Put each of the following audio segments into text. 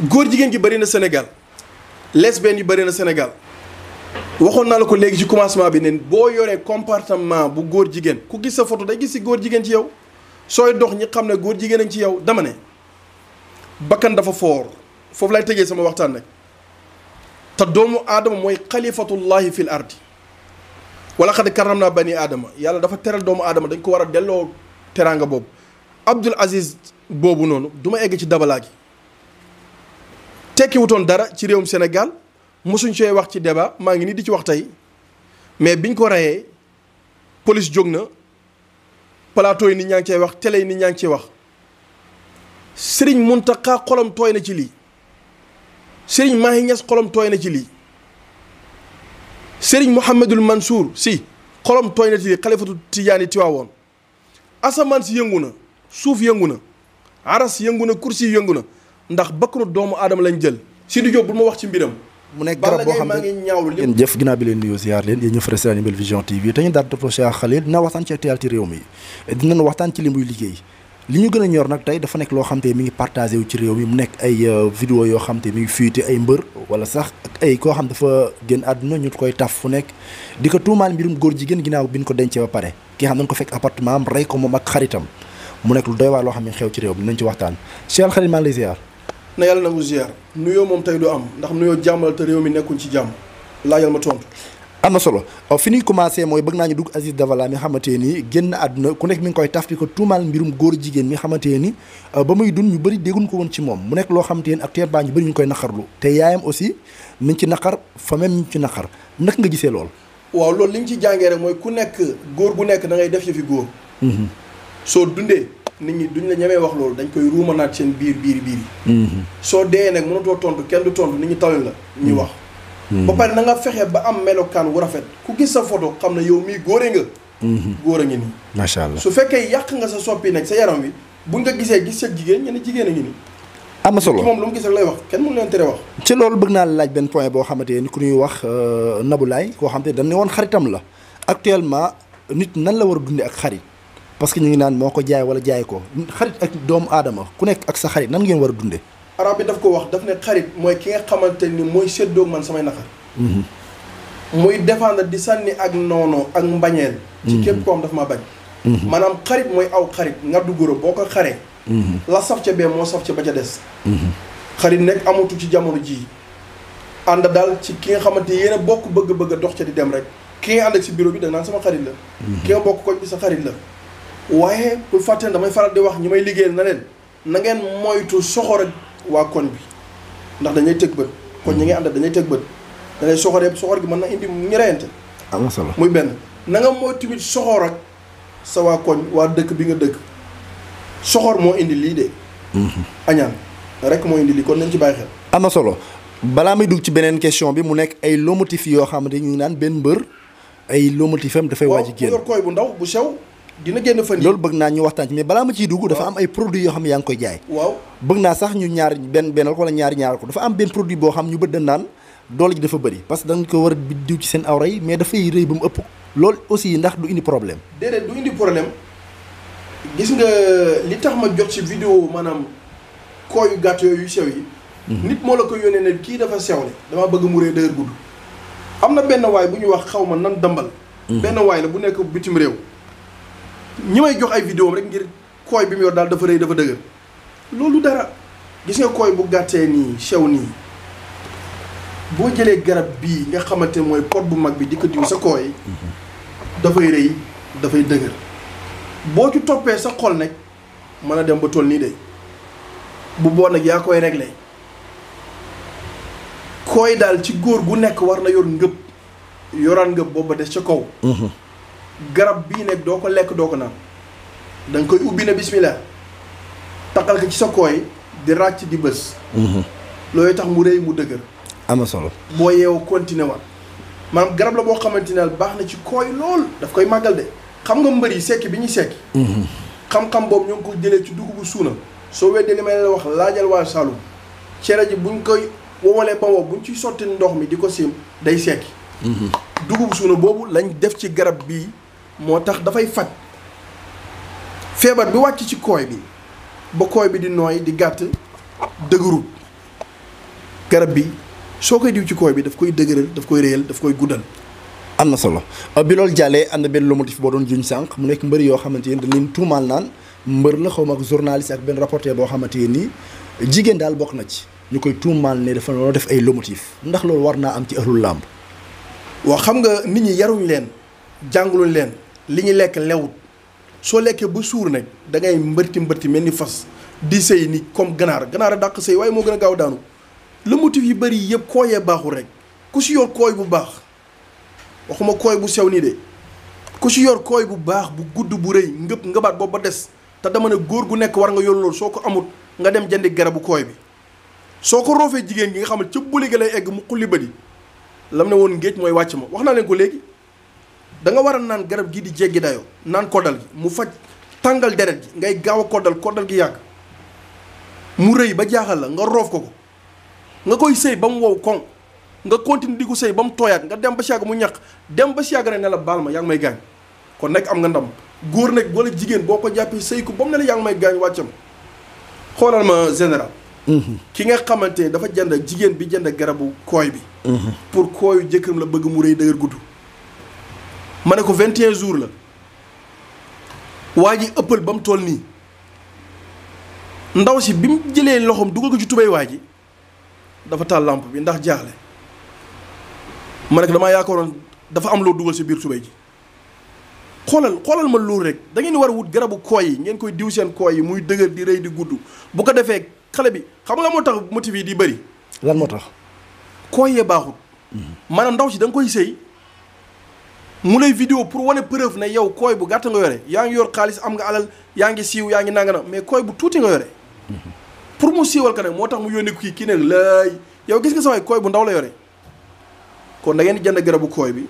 góor jigéen gi bëri na Sénégal lesbiennes yi bëri na Sénégal waxoon naa la ko léegi ci commencement bi neen boo yoree comportement bu góor jigéen ku gis sa photo day gis si góor jigéen ci yow sooy dox ñi xam ne góor jigéen añ ci yow dama ne bakkan dafa foor foofu lay tëjee sama waxtaan nag te doomu aadama mooy xalifatullahi fil ardi wala xad karam naa bani aadama yàlla dafa teral doomu aadama dañ ko war a delloo teraanga boobu Abdul Aziz boobu noonu du ma egg ci dabalaa gi tekki wutoon dara ci réewum senegal mosuñ see wax ci débat maa ngi nii di ci wax tey mais biñ ko reyee polis jóg na plateau yi nit ñaa ngi cee wax télé yi nit ñaa ngi cee wax Serigne Mountakha xolam tooy na ci lii Serigne Mahi Niass xolam tooy na ci lii Serigne Mouhamadul Mansour si xolom tooy na ci lii xalifatu Tijaani Tiwaawoon asamaan si yëngu na suuf yëngu na aras yëngu na kursi yëngu na. ndax bakkanu doomu aadama lañ jël Sidy Diop bul ma wax ci mbiram mu nekk garab boo xam ne maa ngi ñaawlu yéen jëf ginnaaw bi leen nuyoo ziar leen yéen ñëpp frère Animal Vision TV te ñu daal toppatoo Cheikh Khalil dina waxtaan ci actualité réew liggéey li ñu gën a ñor nag tey dafa nekk loo xam te mi ngi partagé wu ci réew mi mu nekk ay euh, yoo xam te mi ngi ay mbër wala sax ak koo xam dafa génn àdduna ñu koy taf fu nekk di ko tuumaal mbirum góor jigéen ginnaaw bi ko dencee ba pare ki xam dañ ko fekk appartement am rey ko moom ak xaritam mu lu doy waar loo xam ne xew ci réew mi nañ ci waxtaan Cheikh Khalil maa ngi na yàlla nangu ziar nuyoo moom tey du am ndax nuyoo jàmm la te réew mi nekkuñ ci jàmm laajal ma tontu. am na solo fi ñuy commencé mooy bëgg naa ñu dugg Aziz Dabala mi xamante ni génn àdduna ku nekk mi ngi koy taf di ko tuumaal mbirum góor jigéen mi xamante ni ba muy dund ñu bëri dégguñ ko woon ci moom mu nekk loo xamante ak actuellement ñu bëri ñu koy naqarlu te yaayam aussi mi ngi ci naqar fa même mi ngi ci naqar naka nga gisee lool. waaw loolu li ñu ci jàngee mooy ku nekk góor gu nekk da def yëfi góor. Mm-hmm. nit ñi duñ la ñemee wax loolu dañ koy ruuma naat seen biir biir biir yi. Mhm. soo dee nag mënatoo tontu kenn du tontu nit ñi tawil la ñuy mhm. wax. Mhm. ba pare na nga fexe ba am melokaan wu rafet ku gis sa photo xam na yow mii góore nga. góor a ngi nii. macha allah su fekkee yàq nga sa soppi nag sa yaram wi buñ nga gisee gis sa jigéen jigéen a am na solo moom lu mu gis rek lay wax kenn mënu leen tere wax. ci loolu bëgg naa laaj benn point boo xamante ni ku ñuy wax euh, Nabou Leye koo xam te dañ ne woon xaritam la actuellement nit nan la war a dundee ak xarit parce que ñu ngi naan moo ko jaay wala jaay ko xarit ak doomu aadama ku nekk ak sa xarit nan ngeen war a dundee. arab bi daf ko wax daf ne xarit mooy ki nga xamante ni mooy séddoo man samay naqar. Mhm. muy défendre di sànni ak noono ak mbañeel. ci mhm. képp daf ma bañ. Mhm. maanaam xarit mooy aw xarit nga du goro boo ko xaree. la saf ca bee moo saf ca ba ca des. xarit nekk amatu ci jamono jii ànd daal ci ki nga xamante yéen a bokk bëgg-bëgg dox ca di dem rek ki nga ànd ak si bureau bi da naan sama xarit la. ki nga bokk koñ sa xarit la. waaye bul fàtte ne damay faral di wax ñi may liggéey na leen na ngeen moytu soxor ak waa koñ bi ndax dañuy tëg bët kon ñi ngay àndal dañuy tëg bët da ngay soxor gi mën na indi ñu reyante am na solo benn nanga nga mooy tamit soxor ak sa waa koñ waa dëkk bi nga dëkk soxor moo indi lii de. Mhm. añaan rek moo indi lii kon nañ ci bàyyi xel. am na solo balaa may dugg ci beneen question bi mu nekk ay lomotif yoo xam ne ñu ngi naan benn mbër ay lomotifam dafay waaj a génn. koy bu ndaw bu sew. dina génn fan loolu bëgg naa ñu waxtaan ci mais balaa ma ciy dugg dafa am ay produits yoo xam ne yaa ngi koy jaay waaw bëgg naa sax ñu ñaar benn bennal ko wala ñaari dafa am benn boo xam ñu bët dañ naan doole ji dafa que dañ ko war a diw ci seen awra yi mais dafay rëy ba mu ëpp loolu aussi ndax du indi problème déedéet du indi problème nga li tax ma jot ci vidéo maanaam koo yu gàtt yooyu sew yi mhm. nit moo la ko yónnee ne kii dafa sewle dama bëgg mu rëy dëgër gudd am na benn waay bu ñu wax xaw ma nan dambal mhm. benn waay la bu nekk bitim réew ñi may jox ay vidéo rek ngir kooy bi mu yor daal dafa rëy dafa dëgër loolu dara gis nga kooy bu gàttee nii sew nii boo jëlee garab bii nga xamante mooy pot bu mag bi di ko sa kooy dafay rëy dafay dëgër boo ci toppee sa xol nag mën a dem ba toll nii de bu boo nag yaa koy réglé kooy daal ci góor gu nekk war na yor ngëb yoraan ngëb boobu ba des ca kaw mhm. garab bii nekk doo ko lekk doo ko naan da koy ubbi ne bismillah taqal ko ci sa kooy di ràcc di bës. Mhm. loolu tax mu rëy mu dëgër. am na solo. boo yeewoo continué waat maanaam garab la boo xamante ne baax na ci kooy lool daf koy màggal de xam nga mbër yi sekki bi ñuy sekki. Mhm. xam-xam boobu ñoo ngi ko jële ci dugubu suuna soo weddee li may la wax laajal waa Saloum cere ji buñ koy wowalee ba wow buñ ciy sotti ndox mi di ko siim day sekki. Mhm. dugub suuna boobu lañ def ci garab bii. moo tax dafay faj feebar bi wàcc ci kooy bi ba kooy bi di nooy di gàtt dëgëru garab bi soo koy diw ci kooy bi daf koy dëgëral daf koy réyal daf koy guddal am na solo bi loolu jàllee am na benn lomotif boo doon juñ sànq mu nekk mbër yoo xamante yéen dañ leen tuumaal naan mbër la xaw ma ak journaliste ak benn rapporteur boo xamante yéen nii jigéen daal bokk na ci ñu koy tuumaal ne dafa loo def ay lomotif ndax loolu war naa am ci ëllëg làmb waaw xam nga nit ñi yaruñ leen jànguluñ leen li ñu lekk lewut soo lekkee ba suur nag da ngay mbërti mbërti mel ni fas di sëy ni comme ganaar ganaar a dàq sëy waaye moo gën a gaaw daanu le motif yi bari yëpp kooyee baaxul rek ku si yor kooy bu baax waxuma kooy bu sew nii de ku si yor kooy bu baax bu gudd bu rëy nga baat boobu ba des te dama ne góor gu nekk war nga yoon loolu soo ko amut nga dem jëndi garabu kooy bi soo ko roofee jigéen gi nga xam ne ca buli ga lay egg mu xulli bët yi lam ne woon ngéej mooy wàcc ma wax naa leen ko léegi danga war a naan garab gii di jéggi dayoo naan koddal gi mu faj tàngal deret gi ngay gaaw a koddal koddal gi yàgg mu rëy ba jaaxal la nga roof ko ko nga koy sëy ba mu wow koŋ nga continue di ko sëy ba mu tooyaat nga dem ba si yàgg mu ñaq dem ba si yàgg na ne la baal ma yaa may gaañ kon nekk am nga ndam góor nag wala jigéen boo ko jàppee sëy ko ba mu ne la yaa may gaañ wàccam xoolal ma général. Mhm. ki nga xamante ne dafa jënd jigéen bi jënd garabu kooy bi. Mhm. pour kooyu la bëgg mu rëy dëgër gudd. ma ne ko 21 jours la waa ji ëppal ba mu toll nii ndaw si bi mu jëlee loxoom dugal ko ci tubéy waa ji dafa taal làmp bi ndax jaaxle ma ne ko damaa yaakaaroon dafa am loo dugal si biir tubéy ji xoolal xoolal ma loolu rek da ngeen war a wut garabu kooy yi ngeen koy diw seen kooy yi muy dëgër di rëy di gudd bu ko defee xale bi xam nga moo tax motif yi di bari lan moo tax. kooy yee baaxut. Hmm. maanaam ndaw si danga koy sëy mu lay vidéo pour wane preuve ne yow kooy bu gàtt nga yore yaa ngi yor xaalis am nga alal yaa ngi siiw yaa ngi nangana mais kooy bu tuuti nga yore pour mu siiwal ka nag moo tax mu yónni kii kii ne laay yow gis nga samay kooy bu ndaw la yore kon da ngeen jënd garabu kooy bi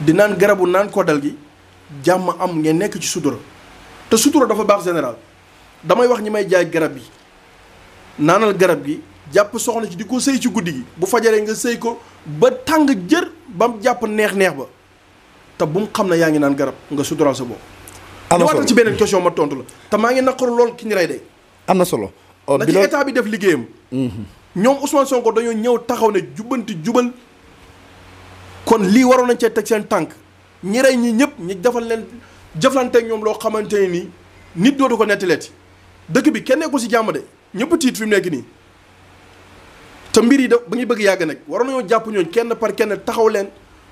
di naan garabu naan koddal gi jàmm am ngeen nekk ci sutura te sutura dafa baax général damay wax ñi may jaay garab yi naanal garab gi jàpp soxna ci di ko sëy ci guddi gi bu fajaree nga sëy ko ba tàng jër ba jàpp neex-neex ba te bu mu xam ne yaa ngi naan garab nga suturaal sa bopp. am na ci beneen question ma tontu la te maa ngi naqaru lool ki ñu rey de. am na solo. Oh, na ci état bi def liggéeyam. Mm-hmm. ñoom Ousmane Sonko dañoo ñëw taxaw ne jubbanti jubal kon lii waroon nañ cee teg seen tànk ñi rey ñi ñëpp ñi defal leen jëflanteeg ñoom loo xamante ne nii nit dootu ko nettaleeti dëkk bi kenn nekkul si jàmm tiit fi nekk nii. te mbir yi da ba ñuy bëgg yàgg nag waroon nañoo jàpp ñooñ kenn par kenn taxaw leen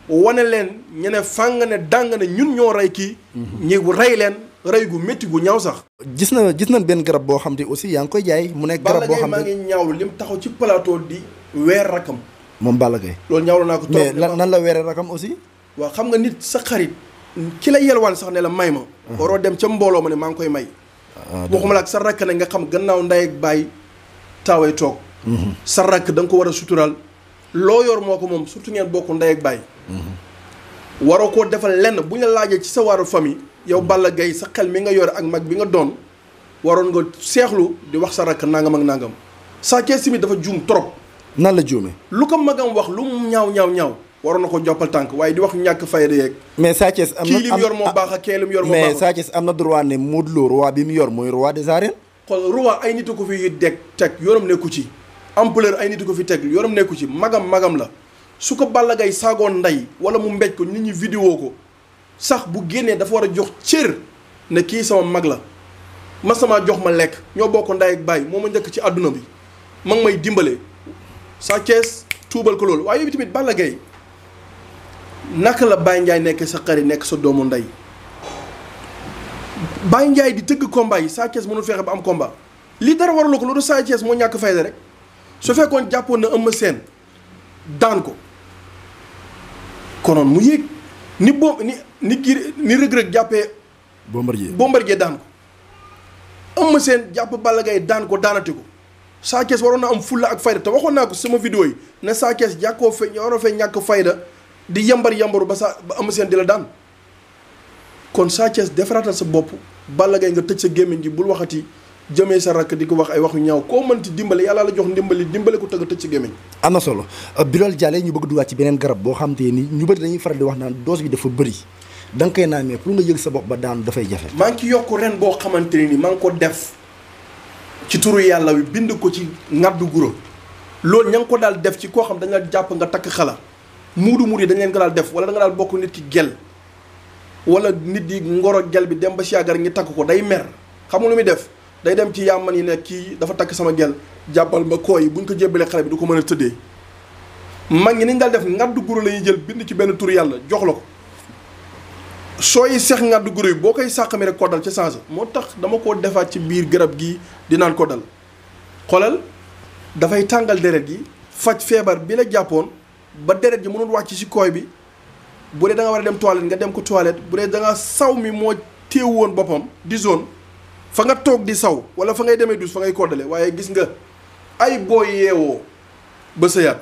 wane leen ñu ne fàng ne dàng ne ñun ñoo rey kii. Mhm. ñi rey leen rey gu métti gu ñaaw sax. gis na gis nañ benn garab boo xam te aussi yaa ngi koy jaay. mu nekk garab boo xam ne maa ngi ñaawlu lim taxaw ci plateau di weer rakam. moom Balla Gaye loolu ñaawlu naa ko trop mais la weeree rakam aussi. waaw xam nga nit sa xarit ki la yelwaan sax ne la may ma. Uh-huh. waroo dem ca mbooloo ma ne maa ngi koy may. Ah, waxuma la ak sa rakk nag nga xam gannaaw nday ak bàyyi taaway toog sa rakk danga ko war a suturaal loo yor moo ko moom surtout ngeen bokku ndey ak bàyyi waroo koo defal lenn bu ñu la laajee ci sa waaru famille yow Balla gay sa xel mi nga yor ak mag bi nga doon waroon nga seexlu di wax sa rakk nangam ak nangam Sa Thiès tamit dafa juum trop nan la juume lu ko magam wax lu mu ñaaw ñaaw ñaaw waroon na ko joppal tànk waaye di wax ñàkk fayda yeeg mais Sa Thiès am baax ak kee lim yor moo mais Sa Thiès am na droit ne Modou Lo roi bi mu yor mooy roi des arènes xool roi ay nit a fi deg teg yoonam nekku ci ampleur ay nit ko fi teg yoram nekku ci magam magam la su ko Balla Gaye saagoon ndey wala mu mbéj ko nit ñi vidéo ko sax bu génnee dafa war a jox cër ne kii sama mag la ma sama jox ma lekk ñoo bokk ndey ak bàyyi moo ma njëkk ci àdduna bi ma may dimbale sa Thiès tuubal ko loolu waaye yow tamit Balla Gaye naka la Baye njaay nekk sa xarit nekk sa doomu ndey Baye Ndiaye di tëgg combat yi Sa Thiès mënul fexe ba am combat li dara waraloo ko loolu Sa moo ñàkk fayda rek su fekkoon jàppoon na Eumeu seen daan ko konoon mu yéeg ni bo ni ni kii ni rëg-rëg jàppee. Bombardier Bombardier daan ko Eumeu seen jàpp Balla Gaye daan ko daanati ko Sa waroon na am fulla ak fayda te waxoon naa ko sama vidéo yi ne Sa Thiès jàkkoo fe waroo fee ñàkk fayda di yambar yambaru ba sa ba Eumeu seen di la daan kon Sa Thiès defaraatal sa bopp Balla nga tëj sa gémmiñ ji bul waxati jëmee sa rakk di ko wax ay wax yu ñaaw koo mënti dimbale yàlla la jox ndimbali dimbale ko tëgg tëj ci gémmiñ am na solo euh, Bilal Diané ñu bëgg duwaat ci beneen garab boo xam te ni ñu bëri dañuy faral di wax naan dose bi dafa bëri da nga koy naa mais pour nga yëg sa bopp ba daanu dafay jafe maa ngi ci yokk ren boo xamante ni maa ngi ko def ci turu yàlla wi bind ko ci ngaddu guro loolu ña ko daal def ci koo xam dañu la jàpp nga takk xala muudu muur yi dañ leen ko daal def wala da daal bokk nit ki gel wala nit di ngoro gel bi dem ba si yàggar ngi takk ko day mer xam nga lu muy def day dem ci yàmman yi nekk kii dafa takk sama gel jàppal ma kooy buñ ko jébbalee xale bi du ko mën a tëddee mag ñi ni nga def ngaddu guro la ñuy jël bind ci benn tur yàlla jox la ko sooy seex ngaddu guro yi boo koy sàq mi rek koddal ca changé moo tax dama koo defaat ci biir garab gii di naan koddal xoolal dafay tàngal deret gi faj feebar bi la jàppoon ba deret ji mënul wàcc ci kooy bi bu dee da war a dem toilette nga dem ko toilette bu dee danga nga saw mi moo téew woon boppam di zone fa nga toog di saw wala fa ngay demee dus fa ngay koddale waaye gis nga ay boo yeewoo ba sëyaat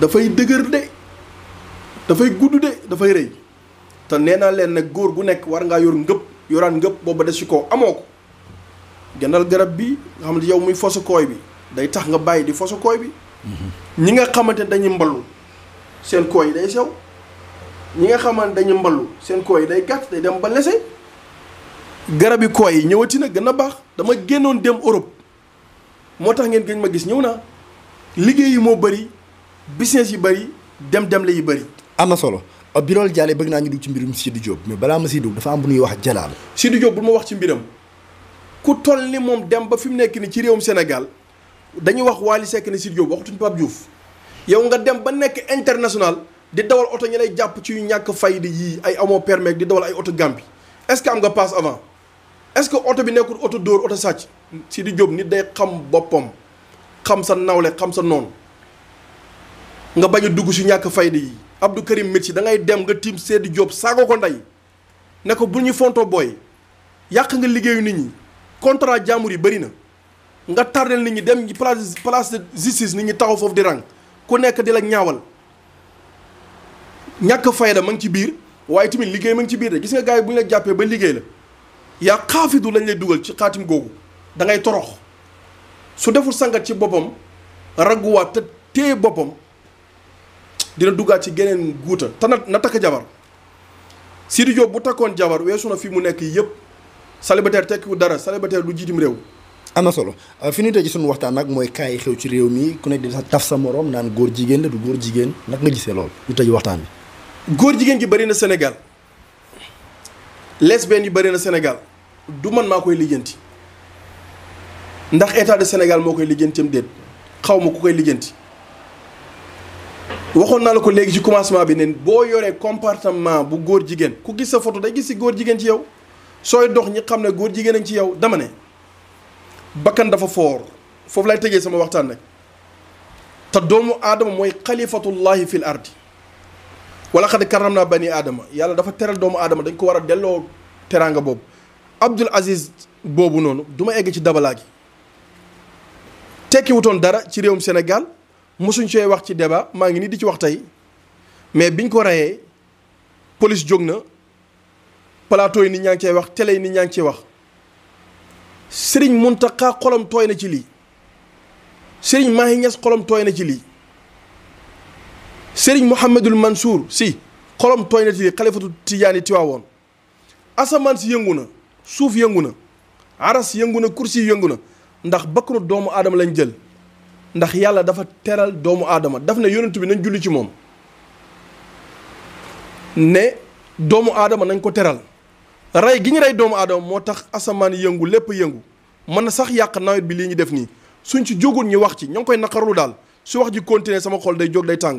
dafay dëgër de dafay gudd de dafay rëy te nee naa leen nag góor gu nekk war ngaa yor ngëpp yoraan ngëpp booba des ci koo amoo ko gënal garab bi nga xam yow muy fosu bi day tax nga bàyyi di fosu kooy bi ñi nga xamante dañuy mbalu seen kooy day sew ñi nga xamante dañuy mbalu seen kooy day gàtt day dem ba lese garabi kooy yi ñëwati na gën a baax dama génnoon dem Europe moo tax ngeen gën ma gis ñëw naa liggéey yi moo bari business yi bëri dem dem la yi bari am na solo bi loolu jàllee bëgg naa ñu dugg ci mbirum Sidi Diop mais balaa ma siy dugg dafa am bu ñuy wax Jalaal. Sidi Diop bul ma wax ci mbiram ku toll ni moom dem ba fi mu nekk ni ci réewum senegal dañuy wax Wally Seck ne Sidi Diop waxtuñ Pape yow nga dem ba nekk international di dawal oto ña lay jàpp ci yu ñàkk fayda yii ay amoo permis di dawal ay oto Gambie est nga passe est-ce que oto bi nekkul oto dóor oto sàcc di Diop nit day xam boppam xam sa nawle xam sa noonu nga bañ dugg si ñàkk fayda yi Abdou Karim Messi da ngay dem nga tiim Sidi Diop saago ko ndey ne ko bu ñu fontoo booy yàq nga liggéeyu nit ñi contrat jàmbur yi bari na nga tardel nit ñi dem place place de justice nit ñi taxaw foofu di rang ku nekk di la ñaawal ñàkk fayda ma ngi ci biir waaye tamit liggéey ma ci biir de gis nga gars bu ñu la jàppee ba liggéey la yaa xaafidu lañ lay dugal ci xaatim googu dangay torox su deful sangat ci boppam raguwaat te téye boppam dina duggaat ci geneen guuta te na takk jabar Sidi Diop bu takkoon jabar weesu na fi mu nekk yëpp tekk tekkiwu dara célibataire du jiitim réew. am na solo euh, fi ñu tëjee suñu waxtaan nag mooy kaay xew ci réew mi ku ne di taf sa moroom naan góor jigéen la du góor jigéen nag nga gisee lool ñu tëj waxtaan bi. góor jigéen ji bari na senegal lesbiennes yu bëri na Sénégal du man maa koy lijjanti ndax état de Sénégal moo koy lijjantiam déet xaw ma ku koy lijjanti waxoon naa la ko léegi ci commencement bi ne boo yoree comportement bu góor jigéen ku gis sa photo day gis si góor jigéen ci yow sooy dox ñi xam ne góor jigéen nañ ci yow dama ne bakkan dafa foor foofu lay tëjee sama waxtaan nag te doomu aadama mooy xalifatullahi fil ardi wala xad karam naa bani aadama yàlla dafa teral doomu aadama dañ ko war a delloo teraanga boobu Abdul Aziz boobu noonu du ma egg ci dabalaa gi tekki wutoon dara ci réewum Sénégal mosuñ see wax ci débat maa ngi nii di ci wax tey mais biñ ko reyee police jóg na plateau yi nit ñaa ngi cey wax tele yi nit ñaa ngi cey wax sëriñ Serigne Mountakha xolam tooy na ci lii maa Mahi Niass xolam tooy na ci lii. Serigne Mouhamadul Mansour si xolom tooy na ci xalifatu Tijaani Tiwaawoon asamaan si yëngu na suuf yëngu na aras yëngu na kursi yëngu na ndax bakkanu doomu aadama lañ jël ndax yàlla dafa teral doomu aadama daf ne yonent bi nañ julli ci moom ne doomu aadama nañ ko teral rey gi ñu rey doomu aadama moo tax asamaan yëngu lépp yëngu mën na sax yàq nawet bi lii ñu def nii suñ ci jógul ñu wax ci ñoo ngi koy naqarlu daal su wax ji continuer sama xol day jóg day tàng